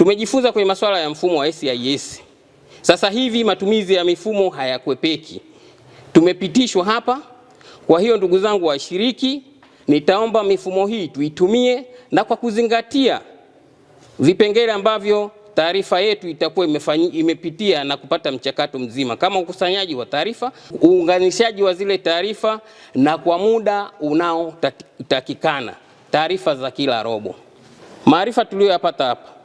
Tumejifunza kwenye masuala ya mfumo wa SIS. Sasa hivi matumizi ya mifumo hayakwepeki, tumepitishwa hapa. Kwa hiyo ndugu zangu washiriki, nitaomba mifumo hii tuitumie na kwa kuzingatia vipengele ambavyo taarifa yetu itakuwa imepitia na kupata mchakato mzima kama ukusanyaji wa taarifa, uunganishaji wa zile taarifa na kwa muda unaotakikana, taarifa za kila robo. Maarifa tuliyoyapata hapa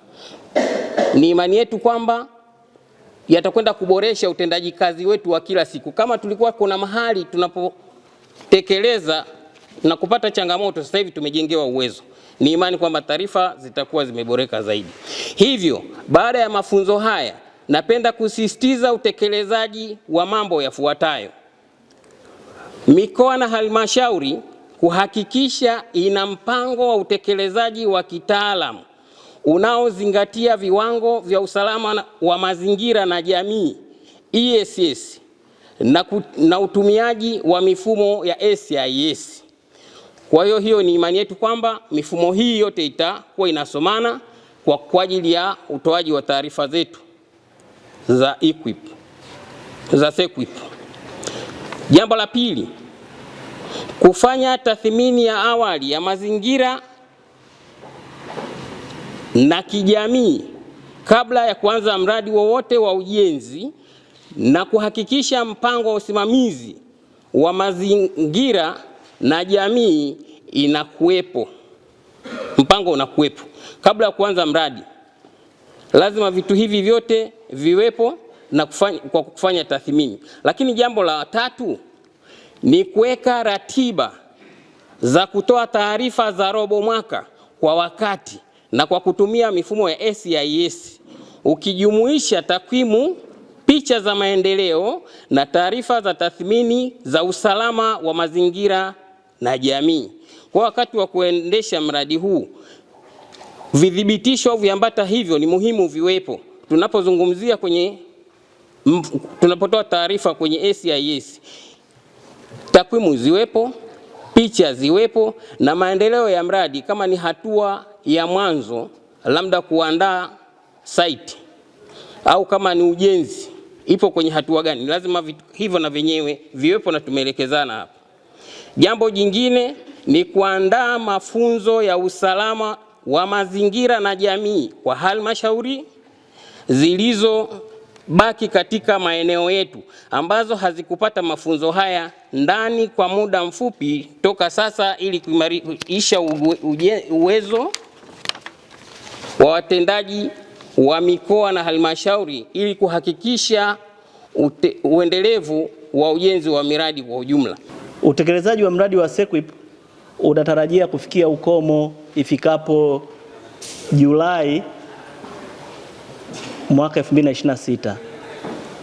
ni imani yetu kwamba yatakwenda kuboresha utendaji kazi wetu wa kila siku. Kama tulikuwa kuna mahali tunapotekeleza na kupata changamoto, sasa hivi tumejengewa uwezo. Ni imani kwamba taarifa zitakuwa zimeboreka zaidi. Hivyo, baada ya mafunzo haya, napenda kusisitiza utekelezaji wa mambo yafuatayo: mikoa na halmashauri kuhakikisha ina mpango wa utekelezaji wa kitaalamu unaozingatia viwango vya usalama wa mazingira na jamii ESS na, ku, na utumiaji wa mifumo ya SIS. Kwa hiyo hiyo ni imani yetu kwamba mifumo hii yote itakuwa inasomana kwa, kwa ajili ya utoaji wa taarifa zetu za equip, za SEQUIP. Jambo la pili, kufanya tathmini ya awali ya mazingira na kijamii kabla ya kuanza mradi wowote wa, ujenzi na kuhakikisha mpango wa usimamizi wa mazingira na jamii inakuwepo, mpango unakuwepo kabla ya kuanza mradi. Lazima vitu hivi vyote viwepo na kufanya, kwa kufanya tathmini. Lakini jambo la tatu ni kuweka ratiba za kutoa taarifa za robo mwaka kwa wakati na kwa kutumia mifumo ya SIS ukijumuisha takwimu, picha za maendeleo na taarifa za tathmini za usalama wa mazingira na jamii. Kwa wakati wa kuendesha mradi huu, vidhibitisho au viambata hivyo ni muhimu viwepo tunapozungumzia kwenye tunapotoa taarifa kwenye SIS, takwimu ziwepo, picha ziwepo na maendeleo ya mradi kama ni hatua ya mwanzo, labda kuandaa site au kama ni ujenzi ipo kwenye hatua gani, lazima hivyo na vyenyewe viwepo na tumeelekezana hapa. Jambo jingine ni kuandaa mafunzo ya usalama wa mazingira na jamii kwa halmashauri zilizobaki katika maeneo yetu ambazo hazikupata mafunzo haya ndani kwa muda mfupi toka sasa, ili kuimarisha uwezo kwa watendaji wa mikoa na halmashauri ili kuhakikisha ute, uendelevu wa ujenzi wa miradi kwa ujumla. Utekelezaji wa mradi wa SEQUIP unatarajia kufikia ukomo ifikapo Julai mwaka 2026.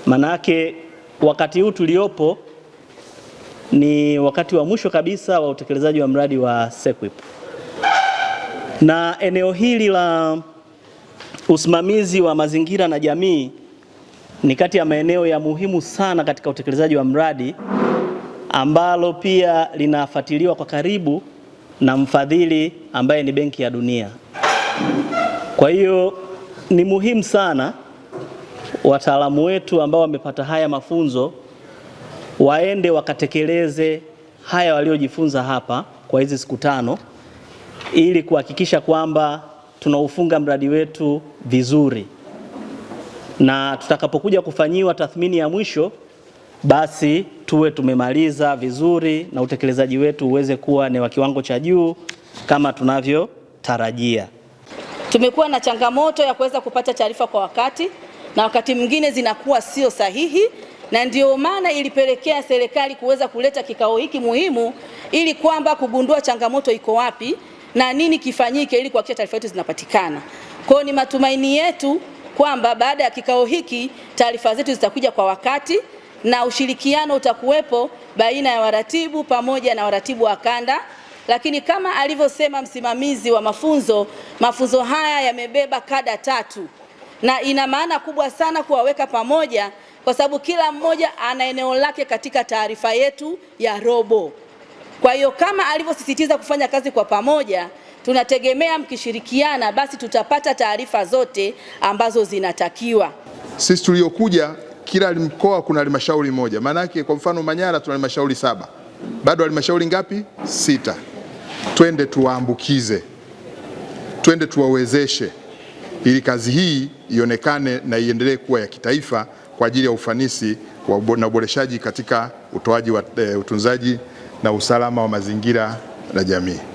Manake wakati huu tuliopo ni wakati wa mwisho kabisa wa utekelezaji wa mradi wa SEQUIP na eneo hili la Usimamizi wa mazingira na jamii ni kati ya maeneo ya muhimu sana katika utekelezaji wa mradi ambalo pia linafuatiliwa kwa karibu na mfadhili ambaye ni Benki ya Dunia. Kwa hiyo ni muhimu sana wataalamu wetu ambao wamepata haya mafunzo waende wakatekeleze haya waliojifunza hapa kwa hizi siku tano ili kuhakikisha kwamba tunaufunga mradi wetu vizuri, na tutakapokuja kufanyiwa tathmini ya mwisho, basi tuwe tumemaliza vizuri na utekelezaji wetu uweze kuwa ni wa kiwango cha juu kama tunavyotarajia. Tumekuwa na changamoto ya kuweza kupata taarifa kwa wakati na wakati mwingine zinakuwa sio sahihi, na ndio maana ilipelekea serikali kuweza kuleta kikao hiki muhimu ili kwamba kugundua changamoto iko wapi na nini kifanyike ili kuhakikisha taarifa yetu zinapatikana. Kwa hiyo ni matumaini yetu kwamba baada ya kikao hiki taarifa zetu zitakuja kwa wakati na ushirikiano utakuwepo baina ya waratibu pamoja na waratibu wa kanda, lakini kama alivyosema msimamizi wa mafunzo, mafunzo haya yamebeba kada tatu na ina maana kubwa sana kuwaweka pamoja, kwa sababu kila mmoja ana eneo lake katika taarifa yetu ya robo. Kwa hiyo kama alivyosisitiza kufanya kazi kwa pamoja, tunategemea mkishirikiana, basi tutapata taarifa zote ambazo zinatakiwa. Sisi tuliokuja, kila mkoa kuna halmashauri moja, maana yake kwa mfano Manyara tuna halmashauri saba, bado halmashauri ngapi? Sita. Twende tuwaambukize, twende tuwawezeshe, ili kazi hii ionekane na iendelee kuwa ya kitaifa kwa ajili ya ufanisi na uboreshaji katika utoaji wa e, utunzaji na usalama wa mazingira na jamii.